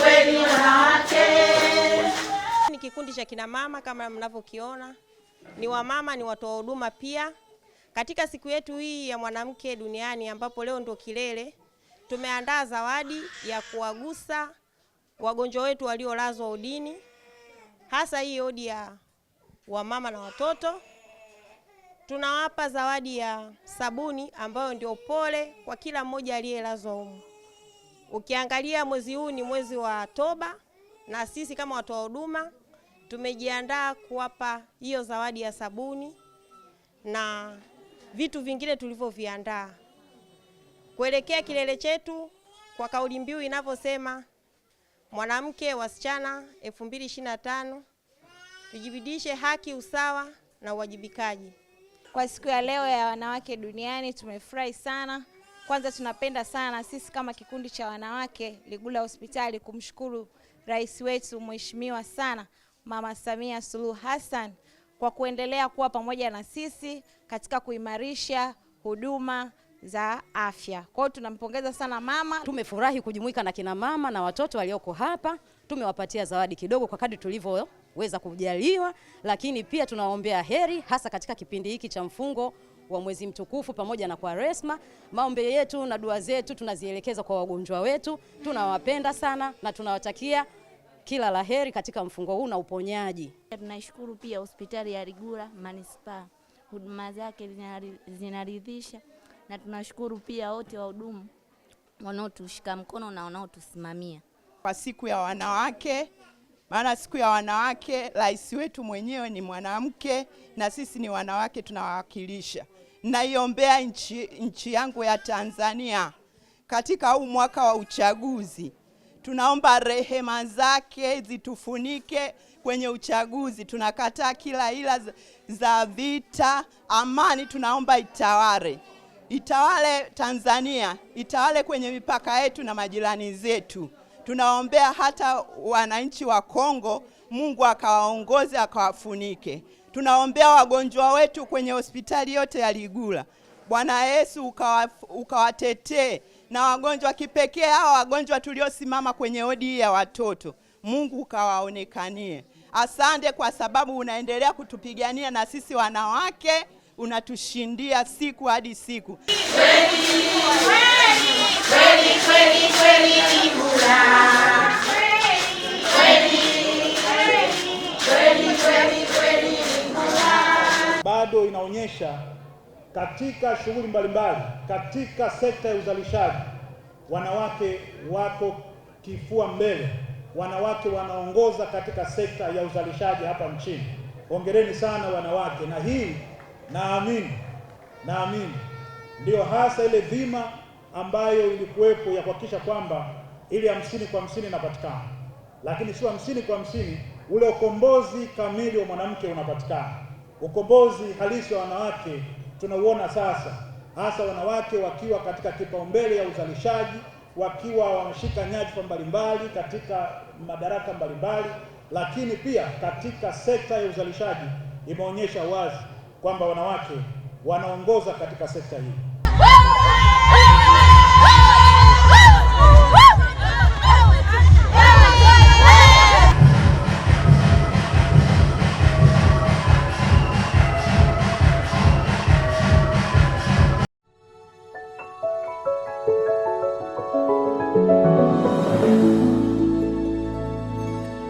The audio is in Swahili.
kweli wanawake. Ni kikundi cha kina mama kama mnavyokiona, ni wamama, ni watoa huduma pia. Katika siku yetu hii ya mwanamke duniani, ambapo leo ndio kilele, tumeandaa zawadi ya kuwagusa wagonjwa wetu waliolazwa udini, hasa hii odi ya wamama na watoto. Tunawapa zawadi ya sabuni ambayo ndio pole kwa kila mmoja aliyelazwa humu. Ukiangalia mwezi huu ni mwezi wa toba, na sisi kama watoa huduma tumejiandaa kuwapa hiyo zawadi ya sabuni na vitu vingine tulivyoviandaa kuelekea kilele chetu kwa kauli mbiu inavyosema mwanamke wasichana 2025 tujibidishe haki, usawa na uwajibikaji. Kwa siku ya leo ya wanawake duniani tumefurahi sana. Kwanza tunapenda sana sisi kama kikundi cha wanawake Ligula Hospitali kumshukuru rais wetu mheshimiwa sana Mama Samia Suluhu Hassan kwa kuendelea kuwa pamoja na sisi katika kuimarisha huduma za afya. Kwa hiyo tunampongeza sana mama. Tumefurahi kujumuika na kina mama na watoto walioko hapa, tumewapatia zawadi kidogo kwa kadri tulivyoweza kujaliwa, lakini pia tunawaombea heri hasa katika kipindi hiki cha mfungo wa mwezi mtukufu pamoja na kwa Resma. Maombi yetu na dua zetu tunazielekeza kwa wagonjwa wetu, tunawapenda sana na tunawatakia kila laheri katika mfungo huu na uponyaji. tunashukuru pia hospitali ya Ligula manispaa, huduma zake zinaridhisha, na tunashukuru pia wote wahudumu wanaotushika mkono na wanaotusimamia kwa siku ya wanawake. Maana siku ya wanawake, rais wetu mwenyewe ni mwanamke na sisi ni wanawake tunawawakilisha naiombea nchi, nchi yangu ya Tanzania katika huu mwaka wa uchaguzi. Tunaomba rehema zake zitufunike kwenye uchaguzi. Tunakataa kila ila za vita, amani tunaomba itawale, itawale Tanzania, itawale kwenye mipaka yetu na majirani zetu. Tunaombea hata wananchi wa Kongo, Mungu akawaongoze akawafunike. Tunaombea wagonjwa wetu kwenye hospitali yote ya Ligula. Bwana Yesu ukawatetee, na wagonjwa kipekee hawa wagonjwa tuliosimama kwenye odi hii ya watoto, Mungu ukawaonekanie. Asante kwa sababu unaendelea kutupigania na sisi wanawake, unatushindia siku hadi siku. ambayo inaonyesha katika shughuli mbalimbali katika sekta ya uzalishaji wanawake wako kifua mbele, wanawake wanaongoza katika sekta ya uzalishaji hapa nchini. Hongereni sana wanawake, na hii naamini naamini ndiyo hasa ile dhima ambayo ilikuwepo ya kuhakikisha kwamba ile hamsini kwa hamsini inapatikana, lakini sio hamsini kwa hamsini, ule ukombozi kamili wa mwanamke unapatikana. Ukombozi halisi wa wanawake tunauona sasa, hasa wanawake wakiwa katika kipaumbele ya uzalishaji, wakiwa wameshika nyadhifa mbalimbali katika madaraka mbalimbali, lakini pia katika sekta ya uzalishaji imeonyesha wazi kwamba wanawake wanaongoza katika sekta hii.